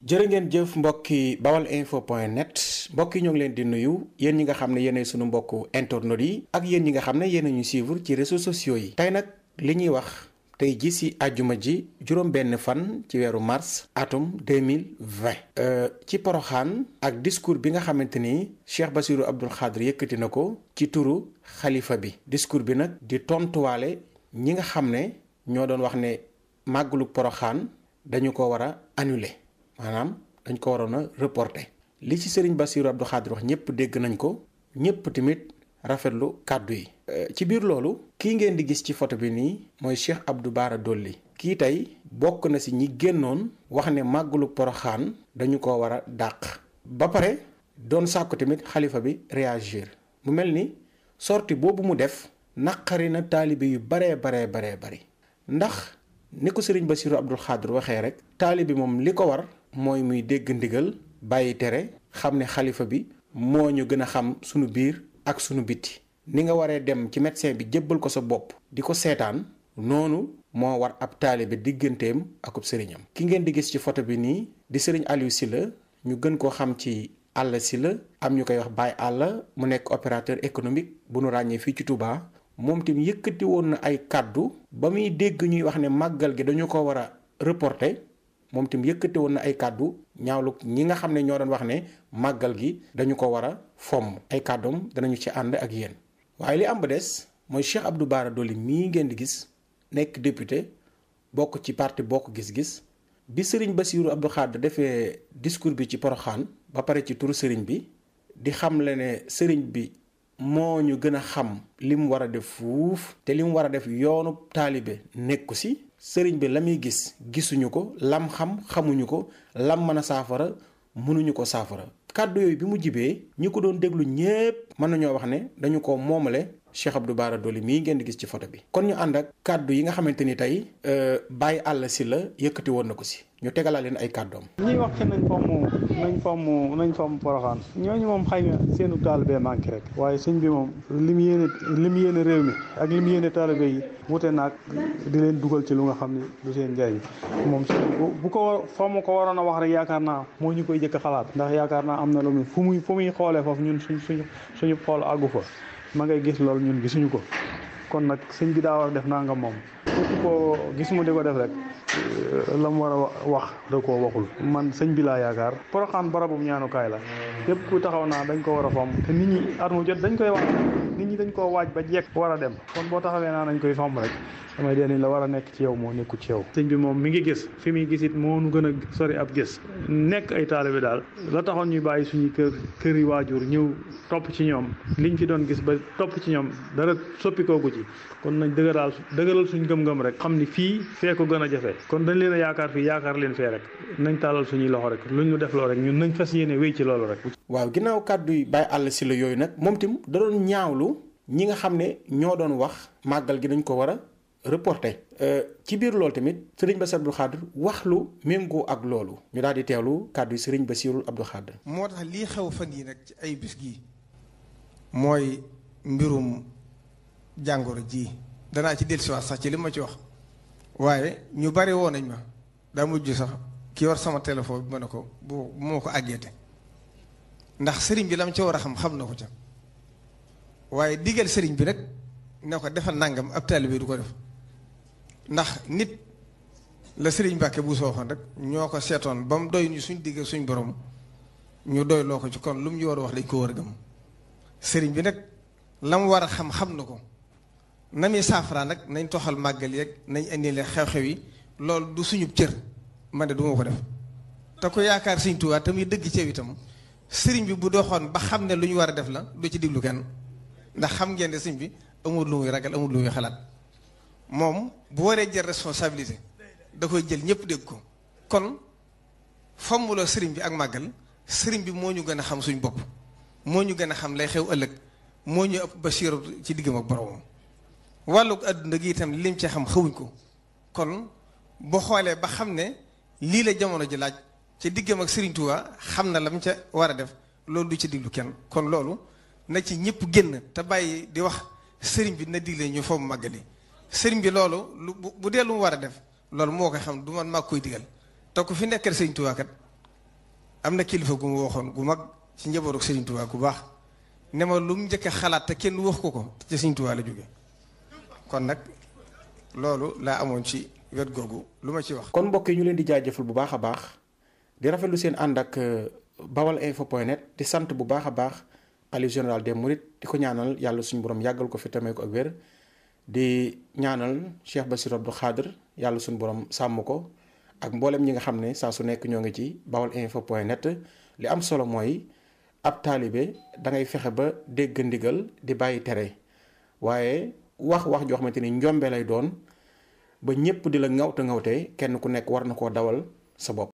jërë ngeen jëf mbokki bawal info point net mbokk yi ñoo ngi leen di nuyu yéen ñi nga xam ne yeneen sunu mbokku internautes yi ak yéen ñi nga xam ne yéen ñu suivre ci réseaux sociaux yi. tey nag li ñuy wax tey ji si àjjuma ji juróom benn fan ci weeru mars atum 2020 euh, ci poroxaan ak discours bi nga xamante ni Cheikh Bassirou Abdoul Khadre yëkkati na ko ci turu xalifa bi discours bi nag di tontuwaale ñi nga xam ne ñoo doon wax ne màgglu poroxaan dañu ko war a annuler. maanaam dañ ko waroon a reporter li ci Serigne Bassirou Abdou Khadre wax ñëpp dégg nañ ko ñëpp tamit rafetlu kàddu yi. Euh, ci biir loolu kii ngeen di gis ci photo bi nii mooy Cheikh Abdou Bara Dolly kii tey bokk na si ñi génnoon wax ne màgglu poroxaan dañu ko war a dàq. ba pare doon sàkku tamit xalifa bi réagir mu mel ni sorti boobu mu def naqari na taalibe yu baree baree baree bari ndax. ni ko sëriñ Bassirou Abdoul Khadr waxee rek taalibe bi moom li ko war mooy muy dégg ndigal bàyyi tere xam ne xalifa bi moo ñu gën a xam sunu biir ak sunu biti ni nga waree dem ci médecin bi jëbbal ko sa bopp di ko seetaan noonu moo war ab taalibe digganteem akub sëriñam ki ngeen di gis ci photo bi nii di sëriñ Aliou Sylla ñu gën koo xam ci Alla Sylla am ñu koy wax Baye àll mu nekk opérateur économique bu nu ràññee fii ci Touba moom tamit yëkkati woon na ay kàddu ba muy dégg ñuy wax ne màggal gi dañu ko war a reporter moom tamit yëkkati woon na ay kàddu ñaawlu ñi nga xam ne ñoo doon wax ne màggal gi dañu ko war a fomm ay kàddoom danañu ci ànd ak yéen. waaye li am ba des mooy Cheikh Abdou Bara Dolly mii ngeen di gis nekk député bokk ci parti bokk gis-gis bi sëriñ Bassirou Abdou Khadre defee discours bi ci Porokhane ba pare ci turu sëriñ bi di xam xamle ne sëriñ bi. moo ñu gën a xam li mu war a def fuuf te li mu war a def yoonu taalibe nekku si sëriñ bi la muy gis gisuñu ko lam xam xamuñu ko lam mën a saafara mënuñu ko saafara kàddu yooyu bi mu jibee ñi ko doon déglu ñépp mën nañoo wax ne dañu ko moomale Cheikh Abdou baara Dolly mii ngeen di gis ci photo bi kon ñu ànd ak kàddu yi nga xamante ni tey bàyyi euh, Baye si la yëkkati woon na ko si ñu tegalaa leen ay kàddoom ñuy wax ci nañ fomm nañ fomm nañ moom xëy na seenu taalibe manqué rek waaye sëñ bi moom li mu yéene li mu yéene réew mi ak li mu yéene taalibe yi wute naag di leen dugal ci lu nga xam ne du seen njariñ moom bu ko fomm ko waroon a wax rek yaakaar naa moo ñu koy jëkk xalaat ndax yaakaar naa am na lu muy fu muy xoolee foofu ñun suñ suñ suñu xool àggu fa ma ngay gis loolu ñun gisuñu ko kon nag sëñ bi daa def naa nga moom képp koo gis mu di ko def rek euh, la mu war a wax da koo waxul man sëñ bi laa yaakaar poroxaan barabum ñaanukaay la képp ku taxaw naa dañ ko war a fomm te nit ñi at mu jot dañ koy wax nit ñi dañ koo waaj ba jekk war a dem kon boo taxawee naa dañ koy fomm rek damay dee la war a nekk ci yow moo nekku ci yow sëñ bi moom mi ngi gis fi muy gisit moo nu gën a sori ab gis nekk ay taalibe daal la taxoon ñu bàyyi suñu kër kër yi waajur ñëw topp ci ñoom liñ fi doon gis ba topp ci ñoom dara soppikoogu ci boppam rek xam ni fii fee ko gën a jafe kon dañ leen yaakaar fii yaakaar leen fee rek nañ taalal suñuy loxo rek luñ ñu def loo rek ñun nañ fas yéene wéy ci loolu rek. waaw ginnaaw kàddu yi bàyyi àll si la yooyu nag moom tim da doon ñaawlu ñi nga xam ne ñoo doon wax màggal gi dañ ko war a reporté. Euh, ci biir loolu tamit sëriñ Bassirou Abdou Khadre wax lu méngoo ak loolu. ñu daal di teewlu kàddu yi sëriñ Bassirou Abdou Khadre. moo tax lii xew fan yii nag ci ay bis gi mooy mbirum jàngoro danaa ci si dellusiwaat sax ci li ma ci wax waaye ñu bari woo nañ ma daa mujj sax ki war sama téléphone bi ma ne ko bu moo ko àggeete ndax sëriñ bi la mu ca war a xam xam na ko ca waaye diggal sëriñ bi rek ne ko defal nangam ab taalibe du ko def ndax nit la sëriñ Mbàkke bu sooxoon rek ñoo ko seetoon ba mu doy ñu suñ digal suñ borom ñu doy loo ko ci kon lu mu ñu war a wax dañ ko war a gëm sëriñ bi nag la mu war a xam xam na ko. na muy saafara nag nañ toxal màggal yeeg nañ indi leen xew-xew yi loolu du suñub cër man de du ko def te ko yaakaar Sëriñ Tuubaa te muy dëgg ceew itam sëriñ bi bu doxoon ba xam ne lu ñu war a def la du ci diglu kenn ndax xam ngeen ne sëriñ bi amul lu muy ragal amul lu muy xalaat moom bu waree jël responsabilité da koy jël ñëpp dégg ko kon fommuloo sëriñ bi ak màggal sëriñ bi moo ñu gën a xam suñ bopp moo ñu gën a xam lay xew ëllëg moo ñu ëpp ci diggam ak boromam wàllu àdduna gi itam lim ci xam xawuñ ko kon boo xoolee ba xam ne lii la jamono ji laaj ca diggam ak Serigne xam na lam ca war a def loolu du ci diglu kenn kon loolu na ci ñëpp génn te bàyyi di wax sëriñ bi na digle ñu foofu màggali Serigne bi loolu lu bu dee lu mu war a def loolu moo koy xam du man maa koy digal te ku fi nekkal Serigne kat am na kilifa gu mu waxoon gu mag ci njabootu Serigne Touba baax ne lu mu njëkk xalaat te kenn wax ko ko ci Serigne Touba la kon nag loolu laa amoon ci wet googu lu ma ci wax. kon mbokk yi ñu leen di jaajëfal bu baax a baax di rafetlu seen ànd ak euh, bawal info point net di sant bu baax a baax xalif général des it di ko ñaanal yàlla suñu borom yàggal ko fi tamee ko ak wér di ñaanal Cheikh Bassirou Abdou Khadre yàlla suñu borom sàmm ko ak mboolem ñi nga xam ne saa su nekk ñoo ngi ci bawal info point net li am solo mooy ab taalibe da ngay fexe ba dégg ndigal di bàyyi tere waaye. wax wax joo xamante ni njombe lay doon ba ñëpp di la ngawte ngawtee kenn ku nekk war na koo dawal sa bopp.